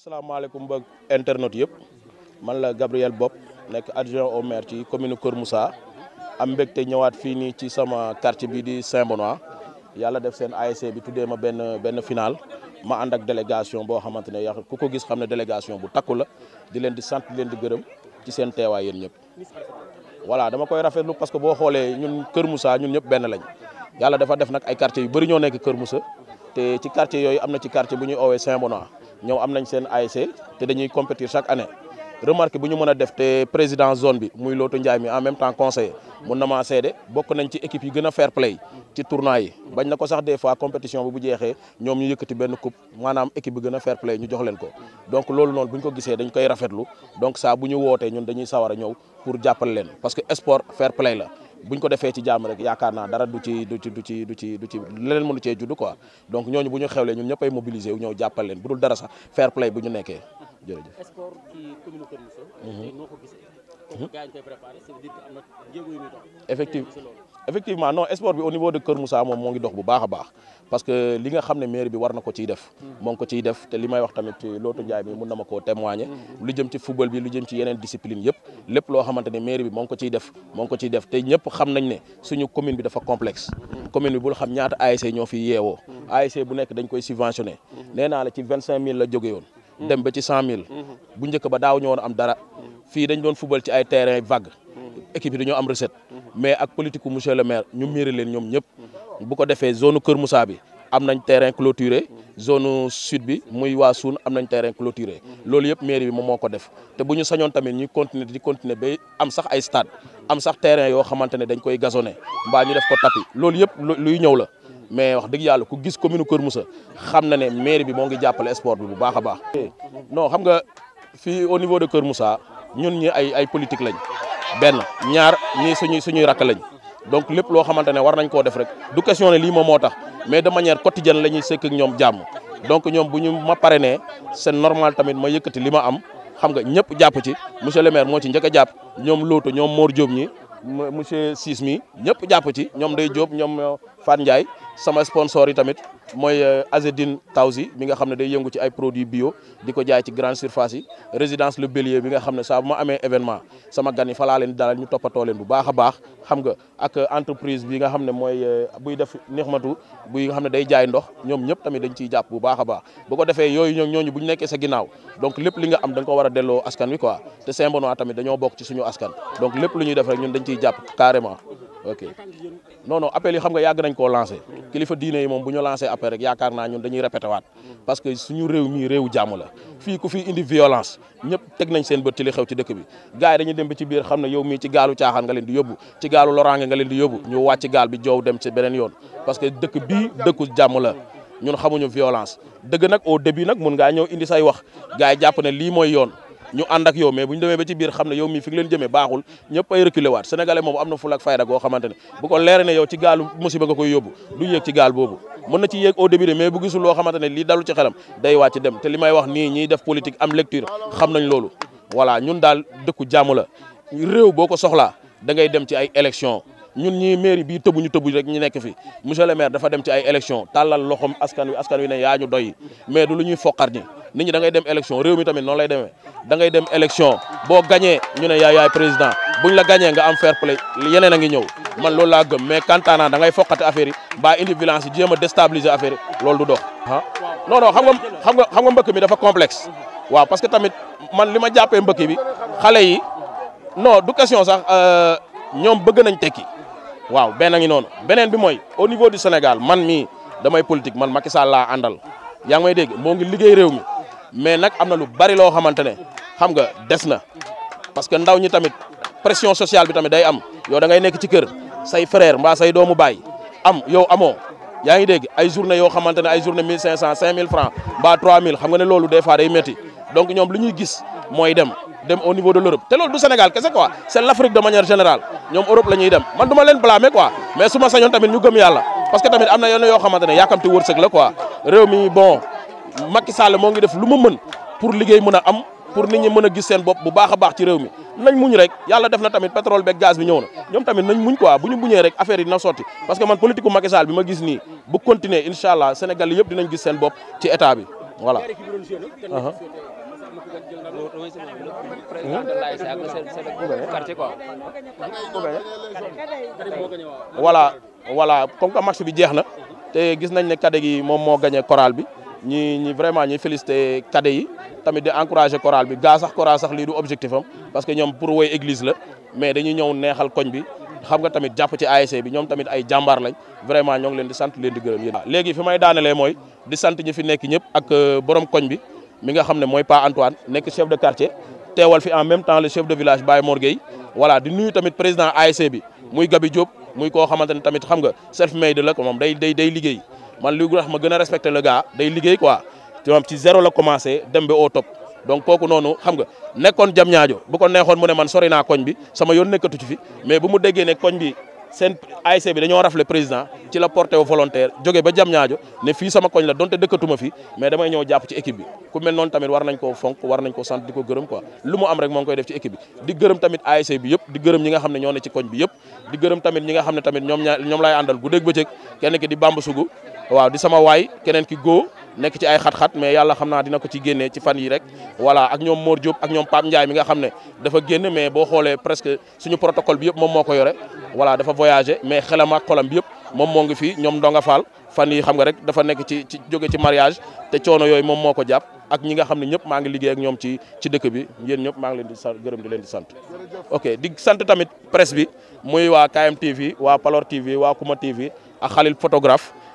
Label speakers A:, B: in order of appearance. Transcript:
A: salaamaaleykum mbokk internet yëpp man la Gabriel Bopp nekk adjoint au maire ci commune Kër Moussa am mbégte ñëwaat fii nii ci sama quartier bi di saint yàlla def seen ASC bi tuddee ma benn benn final ma ànd ak délégation boo xamante ne yaa ku ko gis xam ne délégation bu takku la di leen di sant di leen di gërëm ci seen teewaay yéen ñëpp. voilà dama koy rafetlu parce que boo xoolee ñun Kër musa ñun ñëpp benn lañ yàlla dafa def nag ay quartiers yu bëri ñoo nekk Kër Moussa te ci quartier yooyu am na ci quartier bu ñuy oowee saint ñoom am nañ seen ASC te dañuy compétir chaque année remarque bu ñu mën a def te président zone bi muy Looto Ndiaye mi en même temps conseiller mun na maa seede bokk nañ ci équipe yi gën a fair play ci tournoi yi bañ na ko sax des fois compétition bi bu jeexee ñoom ñu yëkkati benn coupe maanaam équipe bi gën a fair play ñu jox leen ko donc loolu noonu buñ ko gisee dañ koy rafetlu donc saa bu ñu wootee ñun dañuy sawar a ñëw pour jàppale leen parce que sport fair play la buñ ko defee ci jamm rek yakarna dara du ci du ci du ci du ci du ci leneen mënu cee judd quoi donc ñooñu buñu xewlé xewlee ñun ñëpp mobiliser wu ñëw jappal leen budul dara sax fair play bu ñu nekkee jërëjëf. sport ci communauté Moussa. Mhm. noo ko gisee. Mhm. gars yi ñu koy préparé ça veut dire que am na jéego yu muy dox. effectivement effectivement non sport bi au niveau de Kër Moussa moom moo ngi dox bu baax a baax parce que li nga xam ne maire bi war ko ciy def. Mhm. moo ko ciy def te li may wax tamit lootu Ndiaye mi mun na ma koo témoigner. Mhm. lu jëm ci football bi lu jëm ci yeneen discipline yëpp lépp loo xamante ne bi moo ko ciy def moo ko ciy def te ñëpp xam nañ ne suñu commune bi dafa complexe. commune bi bul xam ñaata ASC ñoo fi yeewoo. ASC bu nekk dañ koy subventionné. nee fii dañ doon football ci ay terrain vague équipe yi dañoo am recette mais ak politique monsieur le maire ñu miiri leen ñoom beaucoup bu ko zone de Moussa bi am nañ terrain clôturé zone sud bi muy waa am nañ terrain clôturé loolu yëpp maire, bi moom moo ko def te bu ñu sañoon tamit ñuy continuer di continuer ba am sax ay stade am sax terrain yoo xamante ne dañ koy gazonné mbaa ñu def ko tapis loolu yëpp luy ñëw la mais wax dëgg yàlla ku gis commune Kër Moussa xam na né maire bi mo ngi jappalé sport bi bu baaxa baax non xam nga fi au niveau de Kër Moussa ñun ñi ay ay politique lañ benn ñaar ñii suñuy suñuy rakk lañ donc lépp loo xamante ne war nañ koo def rek du question ne lii moom moo tax mais de manière quotidienne la ñuy sekk ñoom jàmm donc ñoom bu ñu ma pare parrainé seen normal tamit ma yëkkati li ma am xam nga ñëpp jàpp ci monsieur le maire moo ci njëkk a jàpp ñoom Looto ñoom moor Diop ñi monsieur Ciss mi ñëpp jàpp ci ñoom day Diop ñoom Fat Ndiaye sama sponsor yi tamit mooy euh, Azedine Tawzi mi nga xam ne day yëngu ci ay produits bio di ko jaay ci grande surface yi résidence Le Bélier bi nga xam ne saa bu ma amee événement sama gan yi falaa leen dalal ñu toppatoo leen bu baax a baax xam nga ak euh, entreprise bi nga xam ne mooy euh, buy def nexmatu buy nga xam ne day jaay ndox ñoom ñëpp tamit dañ ciy jàpp bu baax a baax bu ko defee yooyu ñoo ñooñu bu ñu nekkee sa ginnaaw donc lépp li nga am da nga ko war delloo askan wi quoi te Saint-Benoît bokk ci suñu askan donc lépp lu ñuy def rek ñun dañ ciy jàpp carrément ok non non appel yi xam nga yàgg nañ koo lancé kilifa diine yi moom bu ñu lancé appel rek yaakaar naa ñun dañuy répété waat parce que suñu réew mi réewu jàmm la fii ku fi indi violence ñëpp teg nañ seen bët ci li xew ci dëkk bi gars yi dañuy ci biir xam ne yow mii ci gaalu caaxaan nga di yóbbu ci gaalu loraange nga leen di yóbbu ñu wàcc gaal bi joow dem ci beneen yoon parce que dëkk bi dëkku jàmm la ñun xamuñu violence dëgg nag au début nag mun ngaa ñëw indi say wax gars yi jàpp ne lii mooy yoon ñu ànd ak yow mais bu ñu demee ba ci biir xam ne yow mi fi nga leen jëmee baaxul ñëpp ay reculer waat sénégalais moom am na ful ak fayda goo xamante ne bu ko leere ne yow ci gaalu musiba nga koy yóbbu du yéeg ci gaal boobu mën na ci yéeg au début de mais bu gisul loo xamante ne lii dalu ci xelam day wàcc dem te li wax nii ñiy def politique am lecture xam nañ loolu voilà ñun daal dëkku jàmm la réew boo ko soxlaa da ngay dem ci ay élection ñun ñii mairie bii tëbuñu tëbuñ rek ñu nekk fi monsieur le maire dafa dem ci ay élection tàllal loxom askan wi askan wi ne yaa ñu doy mais du lu ñuy foqar ñi nit ñi dangay dem élection réew mi tamit noonu lay demee da ngay dem élection boo gañee ñu ne yaay yaay président buñ la gañee nga am fair play yeneen a ngi ñëw man loolu laa gëm mais kantaanaa da ngay foqati affaire yi mbaa indi violence yi jéem loolu du dox ah non xam nga xam nga xam nga mbëkk mi dafa complexe waaw parce que tamit man li ma jàppee mbëkk bi xale yi non du question sax euh, ñoom bëgg nañ tekki waaw benn ngi noonu beneen bi mooy au niveau du Sénégal man mii damay politique man Macky Sall laa àndal yaa ngi may dégg moo ngi liggéey réew mi mais nag am na lu bari loo xamante ne xam nga des na parce que ndaw ñi tamit pression sociale bi tamit day am yow da ngay nekk ci kër say frère mbaa say doomu baay am yow amoo yaa ngi dégg ay journée yoo xamante ne ay journée cinq 5000 francs mbaa 3000 xam nga ne loolu des fois day métti donc ñoom lu ñuy gis mooy dem dem au niveau de l'Europe te loolu du Sénégal quest kese quoi c'est l'Afrique de manière générale ñoom Europe la ñuy dem man du ma leen blâmer quoi mais su ma sañoon tamit ñu gëm yalla parce que tamit amna yene yo xamantene xamante ne la quoi réew mi bon Macky Sall mo ngi def luma mu mën pour liggéey mëna am pour nit ñi mëna a gis seen bopp bu baaxa baax ci réew mi nañ muñ rek yalla def na tamit pétrole beeg gaz bi ñëw na Ñom tamit nañ muñ quoi buñu buñé rek affaire yi na sorti parce que man politique Macky Sall bi ma gis ni bu continuer inshallah Sénégal yëpp dinañ gis seen bop ci état bi voilà voilà wala comme que match bi jeex na te gis nañ ne cadet gi moom moo gagné chorale bi ñi ñi vraiment ñi félicité cadet yi tamit di encouragé chorale bi gaa sax chorale sax lii du objectif am parce que ñoom pour woy église la mais dañuy ñëw neexal koñ bi xam nga tamit jàpp ci ASC bi ñoom tamit ay jàmbaar lañ vraiment ñoo ngi leen di sant leen di gërëm yéen léegi fi may daanelee mooy di sant ñi fi nekk ñëpp ak euh, borom koñ bi mi nga pas Antoine chef de quartier Et en même temps le chef de village Baye Morgueil. voilà di nuyu le président ASC bi Gabi Diop muy tamit self made la day day day man li ma le gars day Je quoi ci zéro la commencé nous au top donc si noonu xam nga nekkoon de bu ko man sori koñ bi sama ci mais bu mu ne koñ bi seen ASC bi dañoo rafle président ci la porté wu volontaire jóge ba jam ñaajo ne fii sama koñ la donte dëkkatuma fi mais damay ñëw jàpp ci équipe bi ku mel noonu tamit war nañ koo fonk war nañ ko sant di ko gërëm quoi lu mu am rek moo koy def ci équipe bi di gërëm tamit ASC bi yëpp di gërëm ñi nga xam ne ñoom ñaa ñoom laay àndal guddeeg bëccëg kenn ki di bamb sugu waaw di sama waay keneen ki góo nekk ci ay xat-xat mais yàlla xam naa dina ko ci génnee ci fan yi rek voilà ak ñoom Mor Diop ak ñoom Pape Ndiaye mi nga xam ne dafa génn mais boo xoolee presque suñu protocole bi yëpp moom moo ko yore voilà dafa voyagé mais xelam ak xolam yëpp moom moo ngi fii ñoom Ndonga Fall fan yi xam nga rek dafa nekk ci ci jóge ci mariage te coono yooyu moom moo ko jàpp ak ñi nga xam ne ñëpp maa ngi liggéey ak ñoom ci ci dëkk bi yéen ñëpp maa ngi leen di sant gërëm di leen di sant ok di sant tamit presse bi muy waa KM TV waa Palor TV waa Kuma TV ak Xalil photographe